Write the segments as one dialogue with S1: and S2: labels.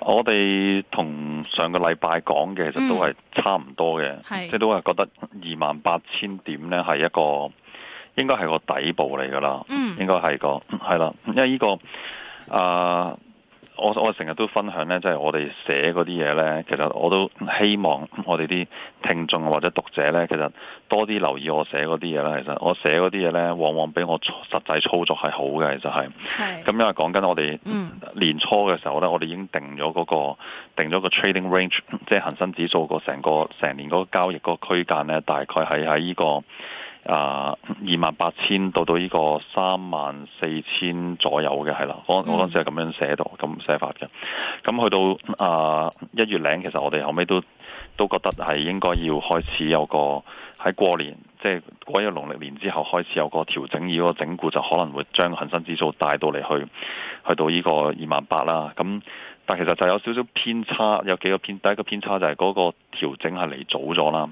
S1: 我哋同上個禮拜講嘅，其實都係差唔多嘅，嗯、即係都係覺得二萬八千點呢係一個應該係個底部嚟噶啦，嗯、應該係個係啦，因為呢、這個啊。呃我我成日都分享咧，即係我哋寫嗰啲嘢咧，其實我都希望我哋啲聽眾或者讀者咧，其實多啲留意我寫嗰啲嘢啦。其實我寫嗰啲嘢咧，往往比我實際操作係好嘅，其實係。係。咁因為講緊我哋年初嘅時候咧，嗯，我哋已經定咗嗰個定咗個 trading range，即係恒生指數個成個成年嗰個交易嗰區間咧，大概係喺呢個。啊，二萬八千到到呢個三萬四千左右嘅係啦，我我嗰陣時係咁樣寫到咁寫法嘅，咁去到啊一、uh, 月零，其實我哋後尾都都覺得係應該要開始有個喺過年，即係過一農曆年之後開始有個調整，要個整固就可能會將恒生指數帶到嚟，去，去到呢個二萬八啦。咁但其實就有少少偏差，有幾個偏，第一個偏差就係嗰個調整係嚟早咗啦。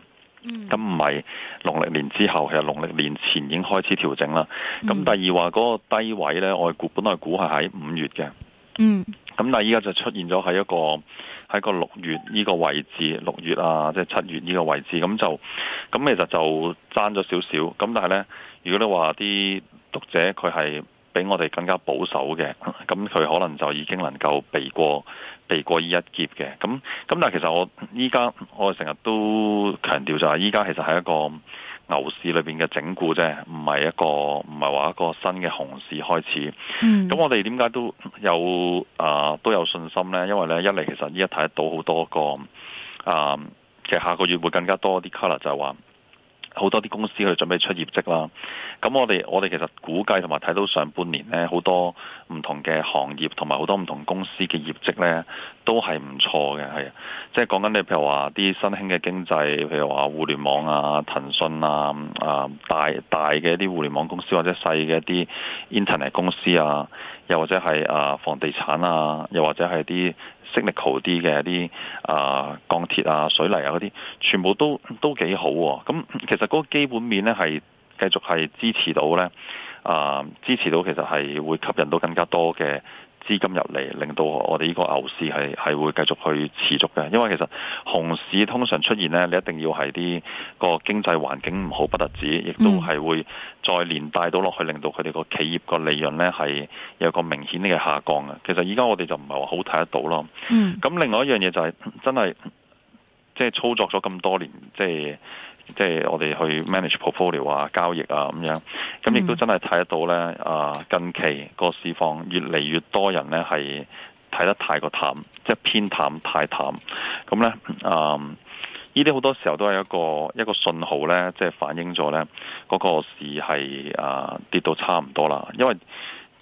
S1: 咁唔係農曆年之後，其實農曆年前已經開始調整啦。咁、嗯、第二話嗰、嗰個低位呢，我估本來估係喺五月嘅，咁、嗯、但係依家就出現咗喺一個喺個六月呢個位置，六月啊，即係七月呢個位置，咁就咁其實就爭咗少少。咁但係呢，如果你話啲讀者佢係，比我哋更加保守嘅，咁佢可能就已經能夠避過避過依一劫嘅。咁咁，但係其實我依家我哋成日都強調就係，依家其實係一個牛市裏邊嘅整固啫，唔係一個唔係話一個新嘅熊市開始。咁、嗯、我哋點解都有啊、呃、都有信心呢？因為呢一嚟其實依家睇得到好多個啊、呃，其實下個月會更加多啲 color 就係話。好多啲公司去準備出業績啦，咁我哋我哋其實估計同埋睇到上半年呢，好多唔同嘅行業同埋好多唔同公司嘅業績呢，都係唔錯嘅，係啊，即係講緊你譬如話啲新興嘅經濟，譬如話互聯網啊、騰訊啊、啊大大嘅一啲互聯網公司或者細嘅一啲 internet 公司啊，又或者係啊房地產啊，又或者係啲 Cyclical 啲嘅一啲啊，鋼、呃、鐵啊、水泥啊嗰啲，全部都都幾好喎、啊。咁其實嗰個基本面咧係繼續係支持到咧啊、呃，支持到其實係會吸引到更加多嘅。資金入嚟，令到我哋呢個牛市係係會繼續去持續嘅。因為其實熊市通常出現呢，你一定要係啲個經濟環境唔好不特止，亦都係會再連帶到落去，令到佢哋個企業個利潤呢係有個明顯嘅下降嘅。其實依家我哋就唔係話好睇得到咯。咁、嗯、另外一樣嘢就係、是、真係即係操作咗咁多年，即係。即係我哋去 manage portfolio 啊、交易啊咁樣，咁亦都真係睇得到咧。啊，近期個市況越嚟越多人咧係睇得太過淡，即係偏淡、太淡。咁咧啊，呢啲好多時候都係一個一個信號咧，即係反映咗咧嗰個市係啊跌到差唔多啦。因為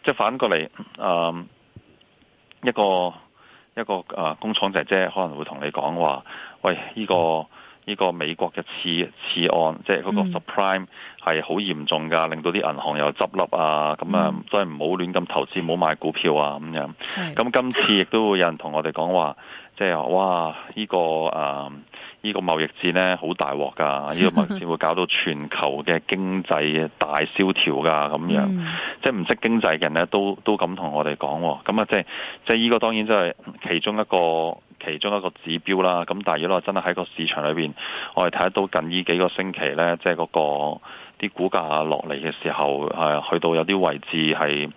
S1: 即係反過嚟，嗯，一個一個啊工廠姐姐可能會同你講話，喂，呢個。呢個美國嘅次次案，即係嗰個 subprime 係好嚴重噶，令到啲銀行又執笠啊，咁啊都係唔好亂咁投資，唔好買股票啊咁樣。咁是的 今次亦都會有人同我哋講話，即係話哇，呢、這個誒呢、啊這個貿易戰咧好大鑊噶，呢、這個貿易戰會搞到全球嘅經濟大蕭條噶，咁樣、嗯、即係唔識經濟嘅人咧都都咁同我哋講，咁啊即係即係呢、這個當然就係其中一個。其中一個指標啦，咁但係如果話真係喺個市場裏邊，我哋睇得到近呢幾個星期呢，即係嗰、嗰個啲股價落嚟嘅時候，係、啊、去到有啲位置係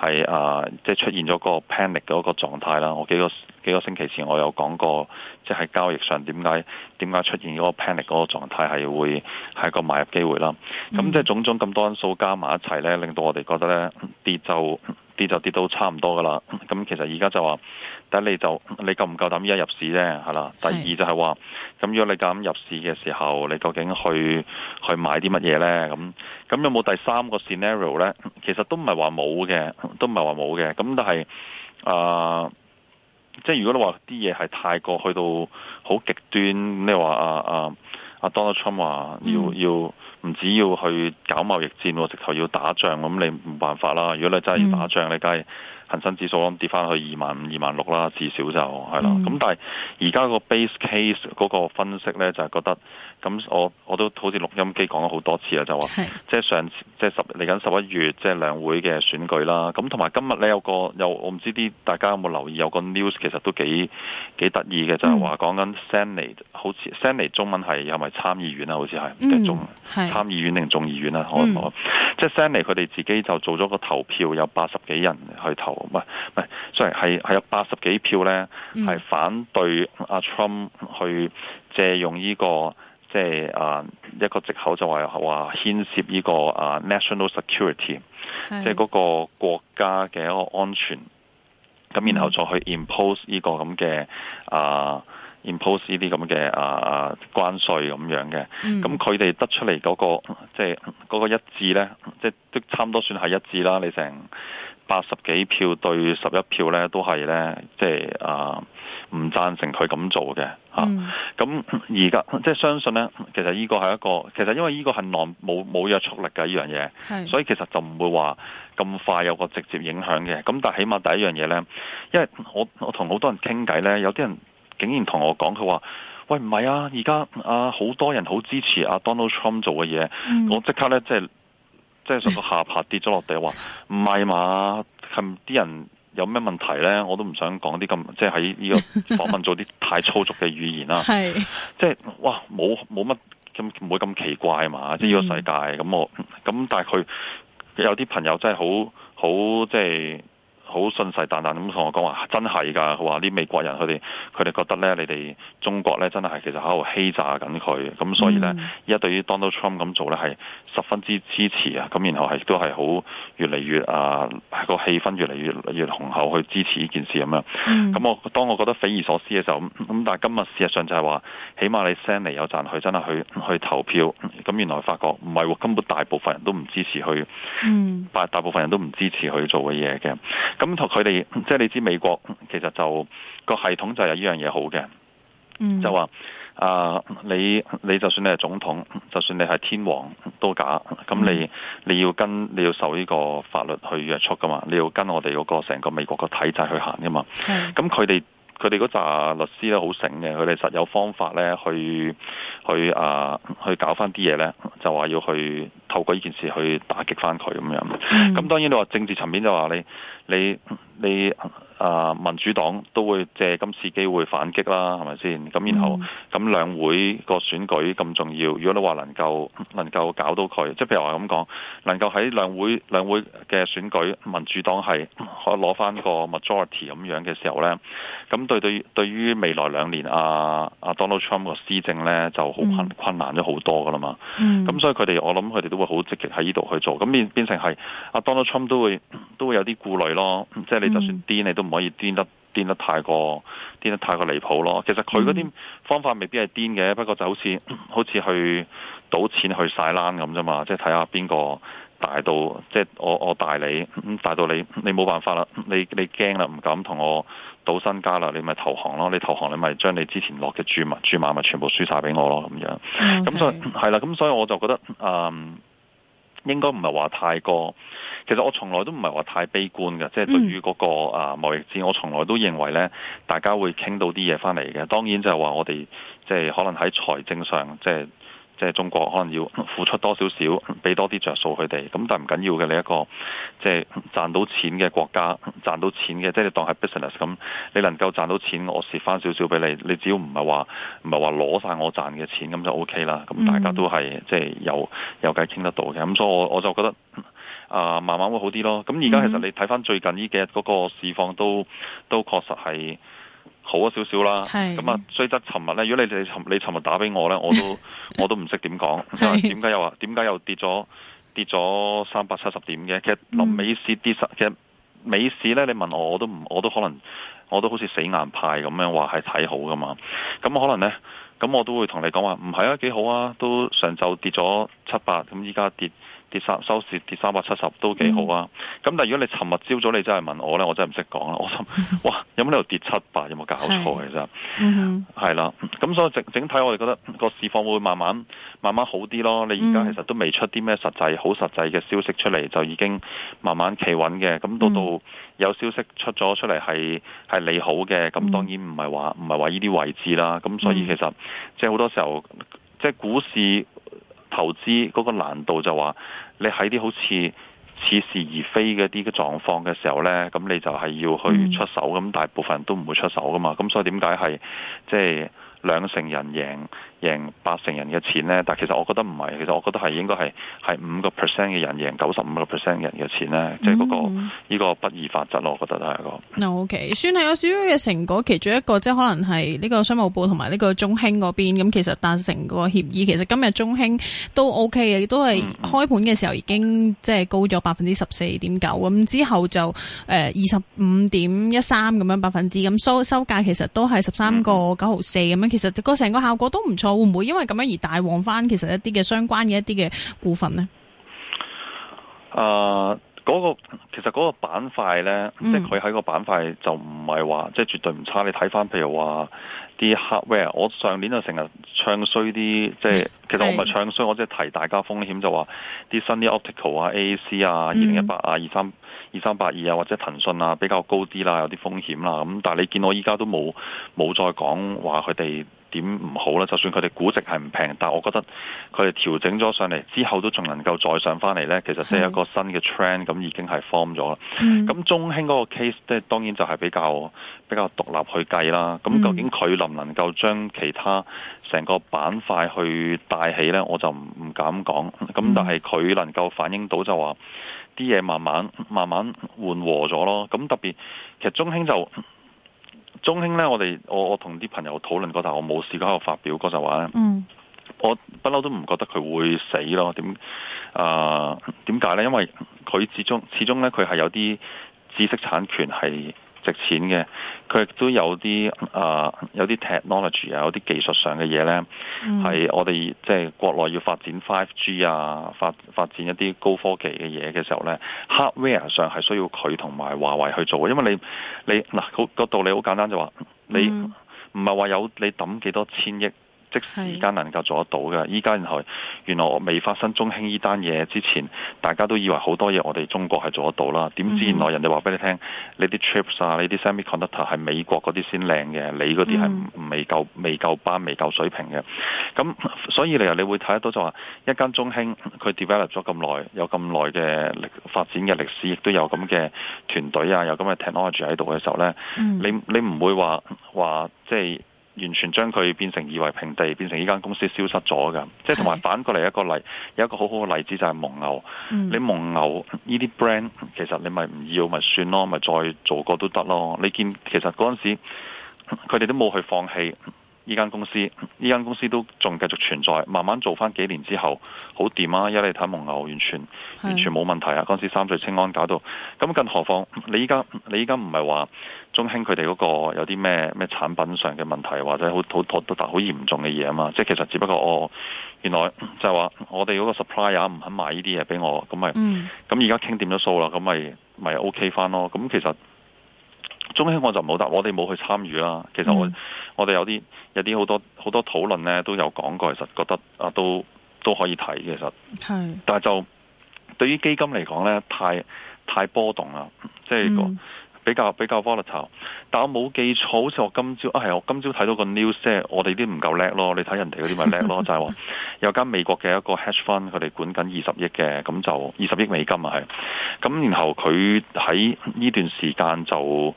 S1: 係啊，即係出現咗個 panic 嗰個狀態啦。我幾個幾個星期前我有講過，即係交易上點解點解出現嗰個 panic 嗰個狀態係會係個買入機會啦。咁即係種種咁多因素加埋一齊呢，令到我哋覺得呢啲就。跌就跌到差唔多噶啦，咁、嗯、其實而家就話，第一你就你夠唔夠膽而家入市啫，係啦。的第二就係話，咁如果你咁入市嘅時候，你究竟去去買啲乜嘢咧？咁咁有冇第三個 scenario 咧？其實都唔係話冇嘅，都唔係話冇嘅。咁但係啊，即、呃、係、就是、如果你話啲嘢係太過去到好極端，你話啊啊啊 Donald Trump 話要要。嗯要唔止要去搞貿易戰，直頭要打仗，咁你冇辦法啦。如果你真係要打仗，你梗係。恒生指數跌翻去二萬五、二萬六啦，至少就係啦。咁、嗯、但係而家個 base case 嗰個分析咧，就係、是、覺得咁我我都好似錄音機講咗好多次啦，就話即係上次即係十嚟緊十一月即係、就是、兩會嘅選舉啦。咁同埋今日咧有個有我唔知啲大家有冇留意有個 news 其實都幾幾得意嘅，就係話講緊 Senate 好似 Senate 中文係係咪參議院啊？好似係唔記得中文係的參議院定眾議院啦。可可、嗯嗯、即係 Senate 佢哋自己就做咗個投票，有八十幾人去投。唔係唔係，sorry 係係有八十幾票咧，係反對阿 Trump 去借用呢、這個即係、就是、啊一個藉口，就係話牽涉呢、這個啊 national security，即係嗰個國家嘅一個安全。咁然後再去 impose 呢個咁嘅啊 impose 呢啲咁嘅啊關稅咁樣嘅。咁佢哋得出嚟嗰、那個即係嗰個一致咧，即、就、係、是、都差唔多算係一致啦。你成。八十幾票對十一票咧，都係咧，即係啊，唔贊成佢咁做嘅嚇。咁而家即係相信咧，其實呢個係一個，其實因為呢個係浪冇冇約束力嘅呢樣嘢，這個、是所以其實就唔會話咁快有個直接影響嘅。咁但係起碼第一樣嘢咧，因為我我同好多人傾偈咧，有啲人竟然同我講佢話：喂，唔係啊，而家啊好多人好支持阿、啊、Donald Trump 做嘅嘢，嗯、我即刻呢即刻咧即係。即係上個下巴跌咗落地話，唔係嘛？啲人有咩問題咧？我都唔想講啲咁，即係喺呢個訪問做啲太粗俗嘅語言啦。係， 即係哇，冇冇乜咁唔會咁奇怪嘛？即係呢個世界咁、嗯嗯、我咁，但係佢有啲朋友真係好好，即係。好信誓旦旦咁同我講話，啊，真係㗎！佢話啲美國人佢哋佢哋覺得咧，你哋中國咧真係其實喺度欺詐緊佢，咁所以咧，而家、mm. 對於 Donald Trump 咁做咧，係十分之支持越越啊！咁然後係都係好越嚟越啊個氣氛越嚟越越，越，越雄厚去支持呢件事咁樣。咁我、mm. 當我覺得匪夷所思嘅時候，咁但係今日事實上就係話，起碼你 send 嚟有賺去，真係去去投票。咁原來發覺唔係喎，根本大部分人都唔支持佢，大、mm. 大部分人都唔支持佢做嘅嘢嘅。咁同佢哋，即係你知美國其實就個系統就有呢樣嘢好嘅，嗯、就話啊、呃、你你就算你係總統，就算你係天王都假，咁你你要跟你要受呢個法律去約束噶嘛，你要跟我哋嗰個成個美國個體制去行噶嘛，咁佢哋。佢哋嗰扎律師咧好醒嘅，佢哋實有方法咧去去啊去搞翻啲嘢咧，就話要去透過呢件事去打擊翻佢咁樣。咁、mm. 當然你話政治層面就話，你你你。你啊，民主黨都會借今次機會反擊啦，係咪先？咁然後咁、mm. 兩會個選舉咁重要，如果你話能夠能夠搞到佢，即、就、係、是、譬如話咁講，能夠喺兩會兩會嘅選舉，民主黨係可攞翻個 majority 咁樣嘅時候咧，咁對對於對於未來兩年阿阿、啊啊、Donald Trump 個施政咧就好困困難咗好多噶啦嘛。咁、mm. 所以佢哋我諗佢哋都會好積極喺呢度去做，咁變變成係阿、啊、Donald Trump 都會都會有啲顧慮咯。即、就、係、是、你就算啲、mm. 你都。唔。可以癲得癲得太過癲得太過離譜咯。其實佢嗰啲方法未必係癲嘅，不過就好似好似去賭錢去晒冷咁啫嘛。即係睇下邊個大到，即係我我大你，咁大到你你冇辦法啦，你你驚啦，唔敢同我賭身家啦，你咪投降咯。你投降你咪將你之前落嘅注碼注碼咪全部輸晒俾我咯，咁樣。咁所以係啦，咁所以我就覺得嗯。應該唔係話太過，其實我從來都唔係話太悲觀嘅，即係對於嗰個啊貿易戰，嗯、我從來都認為咧，大家會傾到啲嘢翻嚟嘅。當然就係話我哋即係可能喺財政上即係。即係即係中國可能要付出多少少，俾多啲着數佢哋。咁但係唔緊要嘅，你一個即係賺到錢嘅國家，賺到錢嘅，即係你當係 business 咁，你能夠賺到錢，我蝕翻少少俾你。你只要唔係話唔係話攞晒我賺嘅錢，咁就 OK 啦。咁大家都係即係有有計傾得到嘅。咁所以我我就覺得啊，慢慢會好啲咯。咁而家其實你睇翻最近呢幾日嗰個市況都，都都確實係。好咗少少啦，咁啊的，所以得尋日咧，如果你你尋你尋日打俾我咧，我都 我都唔識點講，點解 的又話點解又跌咗跌咗三百七十點嘅？其實林美市跌十，其實美市咧，你問我我都唔我都可能我都好似死硬派咁樣話係睇好噶嘛，咁可能咧，咁我都會同你講話唔係啊，幾好啊，都上晝跌咗七八，咁依家跌。跌三收市跌三百七十都幾好啊！咁、嗯、但係如果你尋日朝早你真係問我呢，我真係唔識講啦。我心哇有冇呢度跌七百？有冇搞錯其實？係啦，咁所以整整體我哋覺得個市況會慢慢慢慢好啲咯。你而家其實都未出啲咩實際好實際嘅消息出嚟，就已經慢慢企穩嘅。咁到到有消息出咗出嚟係係利好嘅，咁當然唔係話唔係話呢啲位置啦。咁所以其實、嗯、即係好多時候即係股市。投資嗰個難度就話，你喺啲好似似是而非嘅啲嘅狀況嘅時候咧，咁你就係要去出手咁，大部分人都唔會出手噶嘛，咁所以點解係即係兩成人贏？贏八成人嘅錢咧，但其實我覺得唔係，其實我覺得係應該係係五個 percent 嘅人贏九十五個 percent 人嘅錢咧，即係嗰個呢個不二法則咯，我覺得都係個。
S2: 嗱，OK，算係有少少嘅成果。其中一個即係可能係呢個商務部同埋呢個中興嗰邊咁，其實達成個協議。其實今日中興都 OK 嘅，亦都係開盤嘅時候已經、嗯、即係高咗百分之十四點九咁，之後就誒二十五點一三咁樣百分之咁收收價，其實都係十三個九毫四咁樣。其實個成個效果都唔錯。會唔會因為咁樣而帶旺翻，呃？其實一啲嘅相關嘅一啲嘅股份呢，
S1: 誒、嗯，嗰個其實嗰個板塊呢，即係佢喺個板塊就唔係話即係絕對唔差。你睇翻，譬如話啲 hardware，我上年就成日唱衰啲，即係其實我唔係唱衰，是我即係提大家風險，就話啲 Sunny Optical 啊、AAC、嗯、啊、二零一八啊、二三二三八二啊，或者騰訊啊，比較高啲啦，有啲風險啦。咁但係你見我依家都冇冇再講話佢哋。點唔好咧？就算佢哋估值係唔平，但係我覺得佢哋調整咗上嚟之後，都仲能夠再上翻嚟呢。其實即係一個新嘅 trend，咁已經係 form 咗啦。咁是中興嗰個 case，即係當然就係比較比較獨立去計啦。咁究竟佢能唔能夠將其他成個板塊去帶起呢？我就唔唔敢講。咁但係佢能夠反映到就話啲嘢慢慢慢慢緩和咗咯。咁特別其實中興就。中興咧，我哋我我同啲朋友討論嗰頭，我冇時間喺度發表嗰陣話咧，嗯、我不嬲都唔覺得佢會死咯。點啊？點解咧？因為佢始終始終咧，佢係有啲知識產權係值錢嘅，佢亦都有啲啊，uh, 有啲 technology 啊，有啲技術上嘅嘢咧，係、嗯、我哋即係國內要發展 5G 啊，發發展一啲高科技嘅嘢嘅時候咧，hardware 上係需要佢同埋華為去做，因為你你嗱、嗰個道理好簡單就話、是，你唔係話有你抌幾多千億。即時間能夠做得到嘅，依家然後原來未發生中興呢單嘢之前，大家都以為好多嘢我哋中國係做得到啦。點知原來人哋話俾你聽，嗯、你啲 trips 啊，你啲 semiconductor 係美國嗰啲先靚嘅，你嗰啲係未夠、嗯、未夠班，未夠水平嘅。咁所以嚟啊，你會睇得到就話一間中興佢 develop 咗咁耐，有咁耐嘅發展嘅歷史，亦都有咁嘅團隊啊，有咁嘅 technology 喺度嘅時候咧、嗯，你你唔會話話即係。完全將佢變成夷為平地，變成呢間公司消失咗㗎。即係同埋反過嚟一個例，有一個好好嘅例子就係蒙牛。嗯、你蒙牛呢啲 brand，其實你咪唔要咪算咯，咪再做過都得咯。你見其實嗰陣時，佢哋都冇去放棄呢間公司，呢間公司都仲繼續存在。慢慢做翻幾年之後，好掂啊！因為你睇蒙牛，完全的完全冇問題啊。嗰陣時三聚氰胺搞到，咁更何況你依家你依家唔係話。中興佢哋嗰個有啲咩咩產品上嘅問題，或者好好討好嚴重嘅嘢啊嘛！即係其實只不過我、哦、原來就係話我哋嗰個 supplier 唔肯買呢啲嘢俾我，咁咪咁而家傾掂咗數啦，咁咪咪 OK 翻咯。咁其實中興我就冇答，我哋冇去參與啦。其實我、嗯、我哋有啲有啲好多好多討論咧，都有講過，其實覺得啊都都可以睇其實，是但係就對於基金嚟講咧，太太波動啦，即係個。嗯比較比較 volatile，但我冇記錯，好似我今朝啊，係我今朝睇到個 news，即係我哋啲唔夠叻咯，你睇人哋嗰啲咪叻咯， 就係話有間美國嘅一個 hedge fund，佢哋管緊二十億嘅，咁就二十億美金啊，係，咁然後佢喺呢段時間就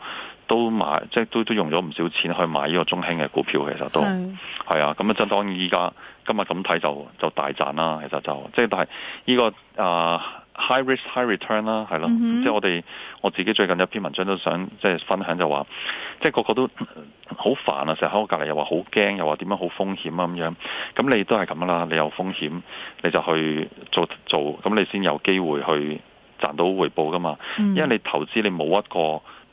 S1: 都買，即係都都用咗唔少錢去買呢個中興嘅股票，其實都係 啊，咁啊，真當依家今日咁睇就就大賺啦，其實就即係但係呢個啊。呃 high risk high return 啦，係咯、mm，hmm。即係我哋我自己最近一篇文章都想即係分享就話，即係個個都好煩啊，成日喺我隔籬又話好驚，又話點樣好風險啊咁樣，咁你都係咁啦，你有風險你就去做做，咁你先有機會去賺到回報噶嘛，mm hmm。因為你投資你冇一個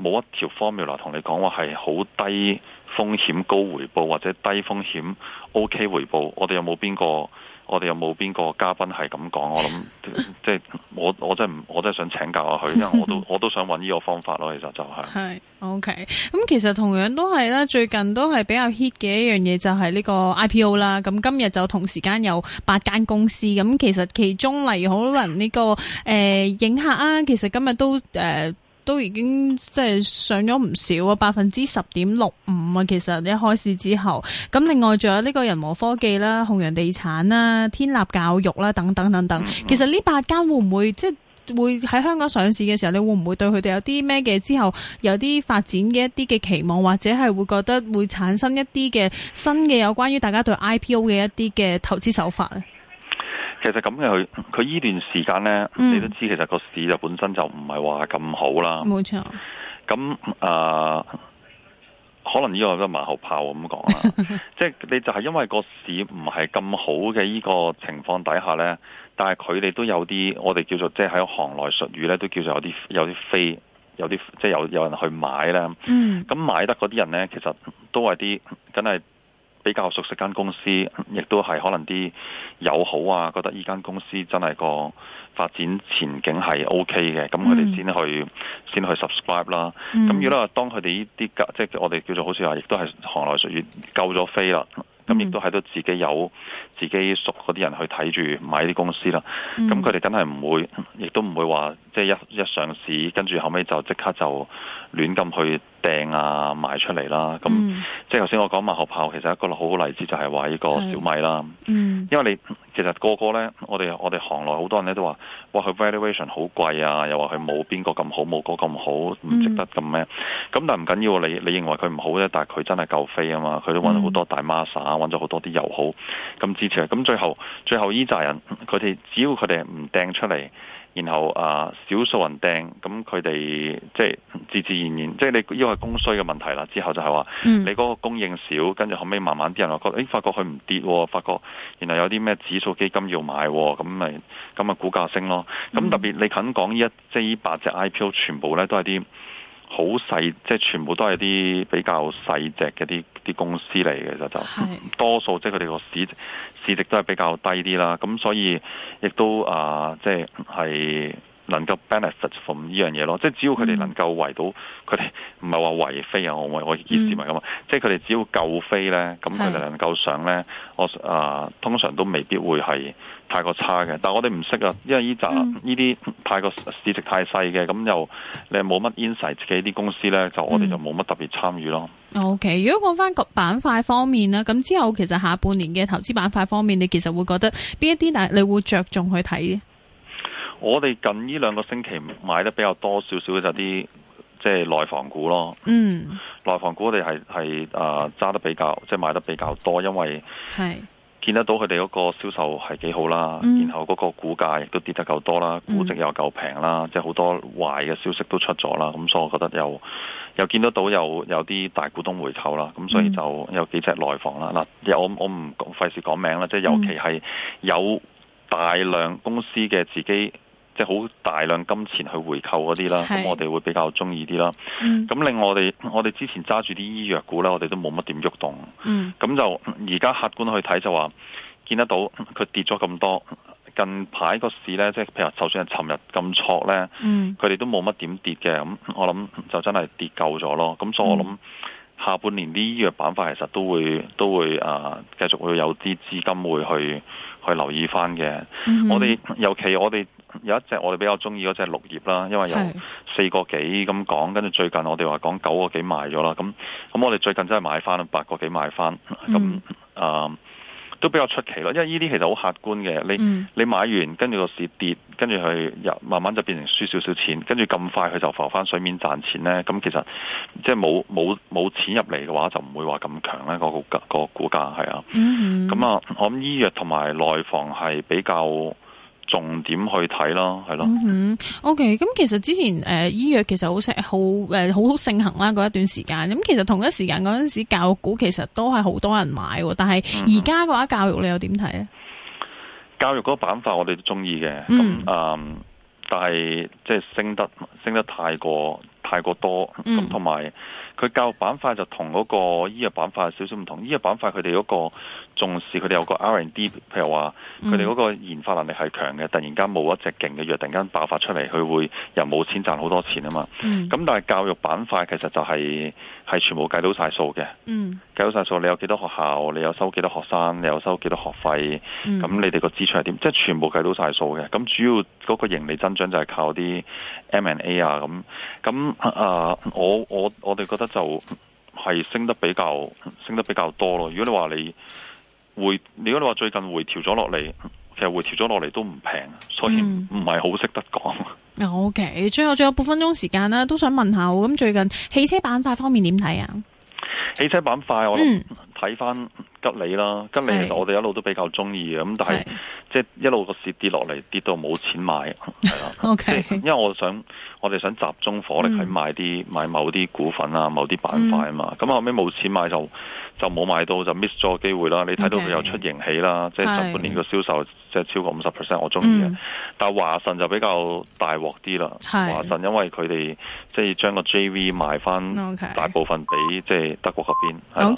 S1: 冇一條 formula 同你講話係好低風險高回報或者低風險 OK 回報，我哋有冇邊個？我哋有冇邊個嘉賓係咁講？我諗即係我，我真係唔，我真係想請教下佢，因為我都我都想揾呢個方法咯。其實就係、是，係
S2: OK、嗯。咁其實同樣都係啦，最近都係比較 hit 嘅一樣嘢，就係、是、呢個 IPO 啦。咁、嗯、今日就同時間有八間公司。咁、嗯、其實其中例如可能呢、這個誒、呃、影客啊，其實今日都誒。呃都已經即係上咗唔少啊，百分之十點六五啊，其實、啊、一開始之後。咁另外仲有呢個人和科技啦、弘陽地產啦、天立教育啦等等等等。其實呢八間會唔會即係會喺香港上市嘅時候，你會唔會對佢哋有啲咩嘅之後有啲發展嘅一啲嘅期望，或者係會覺得會產生一啲嘅新嘅有關於大家對 IPO 嘅一啲嘅投資手法咧？
S1: 其實咁嘅佢佢呢段時間咧，嗯、你都知其實個市就本身就唔係話咁好啦。冇錯錯。咁啊、呃，可能呢個都馬後炮咁講啦，即係 你就係因為個市唔係咁好嘅呢個情況底下咧，但係佢哋都有啲我哋叫做即係喺行內術語咧，都叫做有啲有啲飛，有啲即係有、就是、有人去買咧。嗯。咁買得嗰啲人咧，其實都係啲，真係。比較熟悉間公司，亦都係可能啲友好啊，覺得依間公司真係個發展前景係 OK 嘅，咁佢哋先去、mm. 先去 subscribe 啦。咁、mm. 如果當佢哋呢啲即係我哋叫做好似話，亦都係行內屬於夠咗飛啦，咁亦都喺到自己有。Mm. 自己熟嗰啲人去睇住買啲公司啦，咁佢哋真係唔會，亦都唔會話即係一一上市，跟住後尾就即刻就亂咁去訂啊賣出嚟啦。咁、嗯、即係頭先我講埋馬後炮，其實一個好好例子就係話呢個小米啦。嗯，因為你其實個個咧，我哋我哋行內好多人都話哇佢 valuation 好貴啊，又話佢冇邊個咁好，冇嗰個咁好，唔值得咁咩？咁、嗯、但係唔緊要，你你認為佢唔好咧，但係佢真係夠飛啊嘛，佢都揾好多大孖沙，揾咗好多啲友好，咁、嗯嗯嗯咁最後最後呢扎人佢哋只要佢哋唔掟出嚟，然後啊少、呃、數人掟，咁佢哋即係自自然然，即係你因為供需嘅問題啦。之後就係話，你嗰個供應少，跟住後尾慢慢啲人話，覺得咦，發覺佢唔跌、啊，發覺然後有啲咩指數基金要買、啊，咁咪咁咪股價升咯。咁特別你肯講呢一即係呢八隻 IPO 全部咧都係啲。好細，即係全部都係啲比較細隻嘅啲啲公司嚟嘅，就就是多數即係佢哋個市市值都係比較低啲啦。咁所以亦都啊、呃，即係係能夠 benefit from 呢樣嘢咯。即係只要佢哋能夠圍到佢哋，唔係話圍飛啊，我我意思係咁啊。嗯、即係佢哋只要夠飛咧，咁佢哋能夠上咧，是我啊、呃、通常都未必會係，太過差嘅，但係我哋唔識啊，因為呢扎呢啲太過市值太細嘅，咁、嗯、又你又冇乜 insight，自己啲公司呢，嗯、就我哋就冇乜特別參與咯。
S2: OK，如果講翻個板塊方面咧，咁之後其實下半年嘅投資板塊方面，你其實會覺得邊一啲，但係你會着重去睇？
S1: 我哋近呢兩個星期買得比較多少少嘅就啲，即係內房股咯。嗯，內房股我哋係係揸得比較，即、就、係、是、買得比較多，因為係。見得到佢哋嗰個銷售係幾好啦，嗯、然後嗰個股價亦都跌得夠多啦，估值又夠平啦，嗯、即係好多壞嘅消息都出咗啦，咁所以我覺得又又見得到有有啲大股東回購啦，咁所以就有幾隻內房啦。嗱、嗯，我我唔費事講名啦，即係尤其係有大量公司嘅自己。嗯嗯即係好大量金錢去回購嗰啲啦，咁是我哋會比較中意啲啦。咁另外、嗯、我哋，我哋之前揸住啲醫藥股咧，我哋都冇乜點喐動。咁、嗯、就而家客觀去睇就話，見得到佢跌咗咁多。近排個市咧，即係譬如就算係尋日咁挫咧，佢哋、嗯、都冇乜點跌嘅。咁我諗就真係跌夠咗咯。咁所以，我諗下半年啲醫藥板塊其實都會都會啊，繼續會有啲資金會去去留意翻嘅。嗯、我哋尤其我哋。有一隻我哋比較中意嗰隻綠葉啦，因為有四個幾咁講，跟住是的 最近我哋話講九個幾賣咗啦，咁咁我哋最近真係買翻八個幾買翻，咁啊、嗯嗯嗯、都比較出奇咯，因為呢啲其實好客觀嘅，你、嗯、你買完跟住個市跌，跟住佢又慢慢就變成輸少少錢，跟住咁快佢就浮翻水面賺錢咧，咁、嗯嗯、其實即係冇冇冇錢入嚟嘅話，就唔會話咁強咧、個股、個個股價係啊，咁啊、嗯嗯嗯，我諗醫藥同埋內房係比較。重點去睇咯，係咯。
S2: OK，咁其實之前誒、呃、醫藥其實好成好誒好好盛行啦，嗰一段時間。咁其實同一時間嗰陣時教育股其實都係好多人買，但係而家嘅話教育你又點睇咧？
S1: 教育嗰個板塊我哋都中意嘅，咁啊、嗯嗯，但係即係升得升得太過，太過多，咁同埋佢教育板塊就同嗰個醫藥板塊少少唔同。醫藥板塊佢哋嗰個重視佢哋有個 R&D，譬如話佢哋嗰個研發能力係強嘅，嗯、突然間冇一隻勁嘅藥，突然間爆發出嚟，佢會又冇錢賺好多錢啊嘛。咁、嗯、但係教育板塊其實就係、係、係全部計到晒數嘅，嗯、計到晒數你有幾多學校，你有收幾多學生，你有收幾多學費，咁、嗯、你哋個支出係點？即、就、係、係、全部計到晒數嘅。咁主要嗰個盈利增長就係靠啲 M and A 啊，咁咁。誒、uh，我我我哋覺得就係升得比較升得比較多咯。如果你話你回，如果你話最近回調咗落嚟，其實回調咗落嚟都唔平，所以唔係好識得講、嗯。
S2: OK，最後仲有半分鐘時間啦，都想問下我，咁、嗯、最近汽車板塊方面點睇啊？
S1: 汽車板塊，我。嗯睇翻吉利啦，吉利其實我哋一路都比較中意嘅，咁但係即係一路個市跌落嚟，跌到冇錢買，係啦。即係因為我想，我哋想集中火力喺買啲買某啲股份啊，某啲板塊啊嘛。咁後尾冇錢買就就冇買到，就 miss 咗個機會啦。你睇到佢有出迎起啦，即係上半年個銷售即係超過五十 percent，我中意嘅。但係華晨就比較大鑊啲啦，華晨因為佢哋即係將個 JV 賣翻大部分俾即係德國嗰邊。